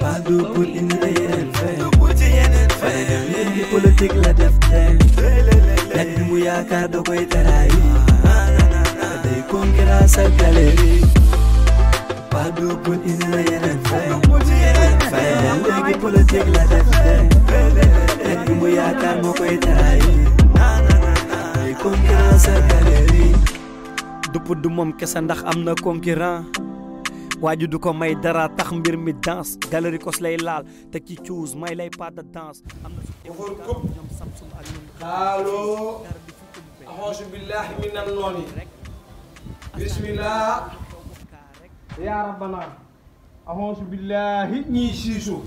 pas du pour indi yeneen fee fane dem yëngi politique la def teen nag bi mu yaakaar da koy taraayi day konkiraa sa galerie pas du pour indi yeneen fee fane dem yëngi politique la def teen nag bi mu yaakaar moo koy taraayi day konkiraa sa galerie du pour du moom kese ndax am na concurrent waaju du ko may dara tax mbir mi danse galerie kos lay laal te ci cuus may lay pas de danse am na yaa rabbana ahonsu billaahi ñii siisu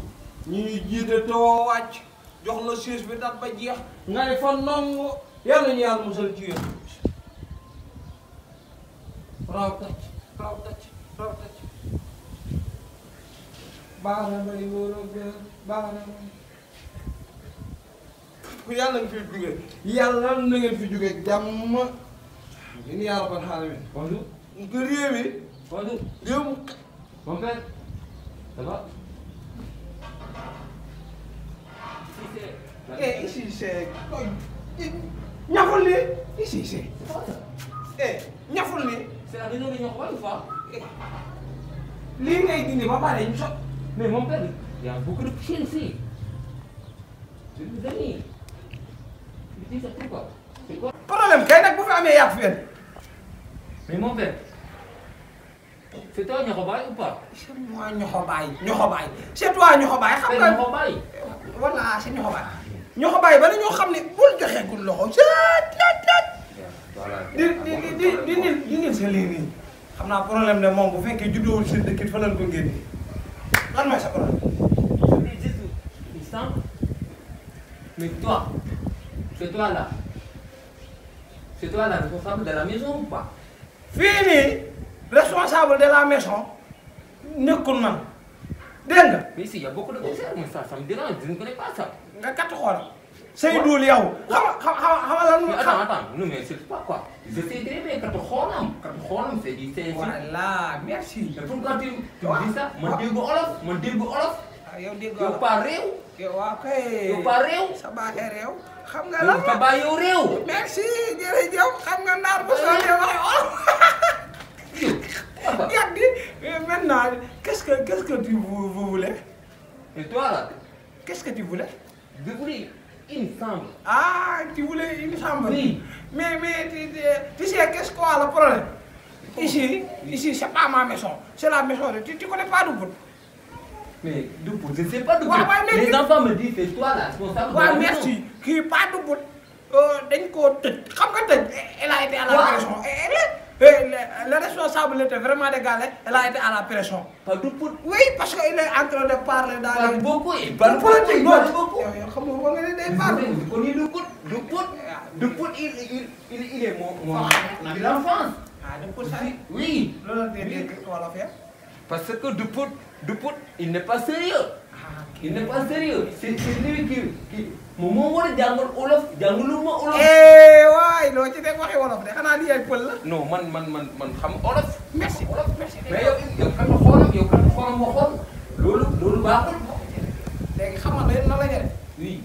ñii jiite too wàcc jox la siis bi dat ba jeex ngay fa nongu yàlla ñu yàlla musal ci baaraamay wóoroog baaraamay. yàlla na fi jóge yàlla na ngeen fi jóge jàmm. yéen yàlla ban xaaral mi. bonjour. nga réew mi. bonjour réew mu. bon père ça va. eh ici c'est ñaful ni ici c'est eh ñaful ni. c'est la réunion de ñaxu wala ou pas. Eh, lii ngay dindi ba pare ñu so. Mais mon père, il y a beaucoup de chiens ici. Je vous ai mis. Je dis ça pourquoi C'est quoi Problème, quand vous avez un fille. Mais mon père, c'est toi Nyokobay ou pas C'est moi Nyokobay. Nyokobay. C'est toi Nyokobay. C'est Nyokobay. Voilà, c'est Nyokobay. Nyokobay, ben ñoo xam ne bul joxe gul loxo. Jet, jet, jet. Di di di di di di sa lii nii. Xam naa problème ne moom bu fekkee juddoo wul seen dëkk it fa lañ ko génnee. lan mooy sa problème. je dis juste une instant mais toi c'est toi là c'est toi la responsable de la maison ou pas. fii responsable de la maison nekkul man dégg nga. mais si y a beaucoup de personnes mais ça ça me dérange je ne connais pas ça. nga kat xoolal. say duul yow. xama xama xama lan mooy. attends attends non mais c'est pas quoi. je sais très bien katu xoolam. katu xoolam c'est du c'est. voilà merci. mais pourquoi tu tu dis ça man déggu olof man déggu olof. yow déggu olof yow pas sa baaxee réew. xam nga la ba yow réew. merci jërëjëf xam nga naar bu soo de wax olof. yàgg di maintenant qu'est-ce que qu'est-ce que tu vous voulez. et toi là. qu'est-ce que Il me semble. Ah, tu voulais, il me semble. Oui. Mais, mais tu, tu, tu sais, qu'est-ce quoi le problème Ici, ici, c'est pas ma maison. C'est la maison de... Tu, tu pas Doupout Mais Doupout, je pas Doupout. Ouais, ouais, Les tu... enfants me disent, c'est la responsable de la merci. maison. Qui est pas Doupout. Euh, dañ koo a été à la pression. elle le responsable était vraiment dégalé. elle a été à la pression. pas Doupout. parce que il est en de parler dans. les beaucoup il parle politique non wax yow xam nga war nga ne day faru. on est le pote le pote. le pote il il il il est moo moo. de l'enfance. ah le pote ça oui. loolu la tey dégg wolof ya. parce que du pote du pote il n'est pas sérieux. Ah, il n'est pas sérieux c'est lui qui qui moom moo war a jàngal olof jàngalu ma olof. Eh, waay loo ci teg waxi wolof de xanaa lii ay pël la. non man man man man xam olof. merci olof merci. mais yow yow kan nga xoolam yow kan nga xoolam ma xool loolu loolu baaxul. léegi xam nga lan la ñu def. oui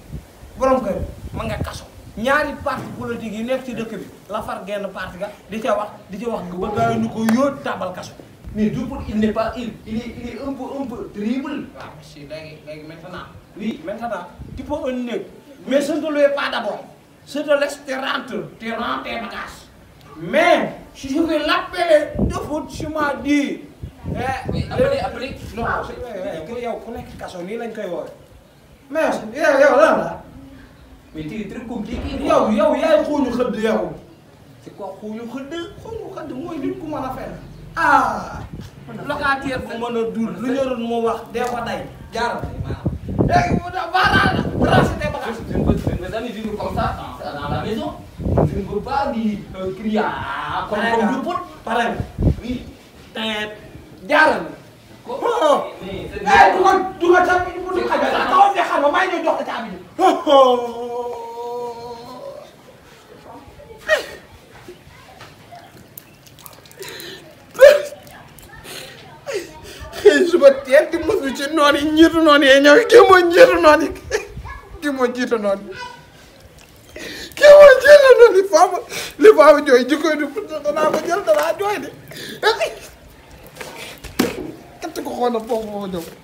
borom kër ma nga kaso ñaari parti politique yi nekk ci dëkk bi la far genn parti ga di ca wax di ca wax ba gaaw ñu ko yóot tabal kaso. mais du pour il n'est pas il il est il est un peu un peu terrible. waaw ah, si léegi léegi maintenant. oui maintenant tu peux un néeg mais ce ne le pas d'abord ce te laisse te rentre te rentre tes bagages mais si je vais l'appeler de foot tu m'as dit. Eh, oui après eh, après. non ah, yow ku nekk kaso nii lañ koy woowee. mais yow yow lan la. mais tey très compliqué. yow yow yaay xuuñu xëdd yow. c' mooy nit ku mën a fen. ah. locataire a dul lu ñorul mu wax dee ko day jaaral. léegi euh, mu du pot. pare nga oui. te ko oh! mais. du ko du ko suba teel di mos bi ci noon yi njiitu noon yi ñëw kii moo njiitu noon yi kii moo njiitu noon yi kii moo njiitu noon yi faama li faama jooy jikkoy di danaa ko jël danaa jooy de kat ko xoolal foofu foofu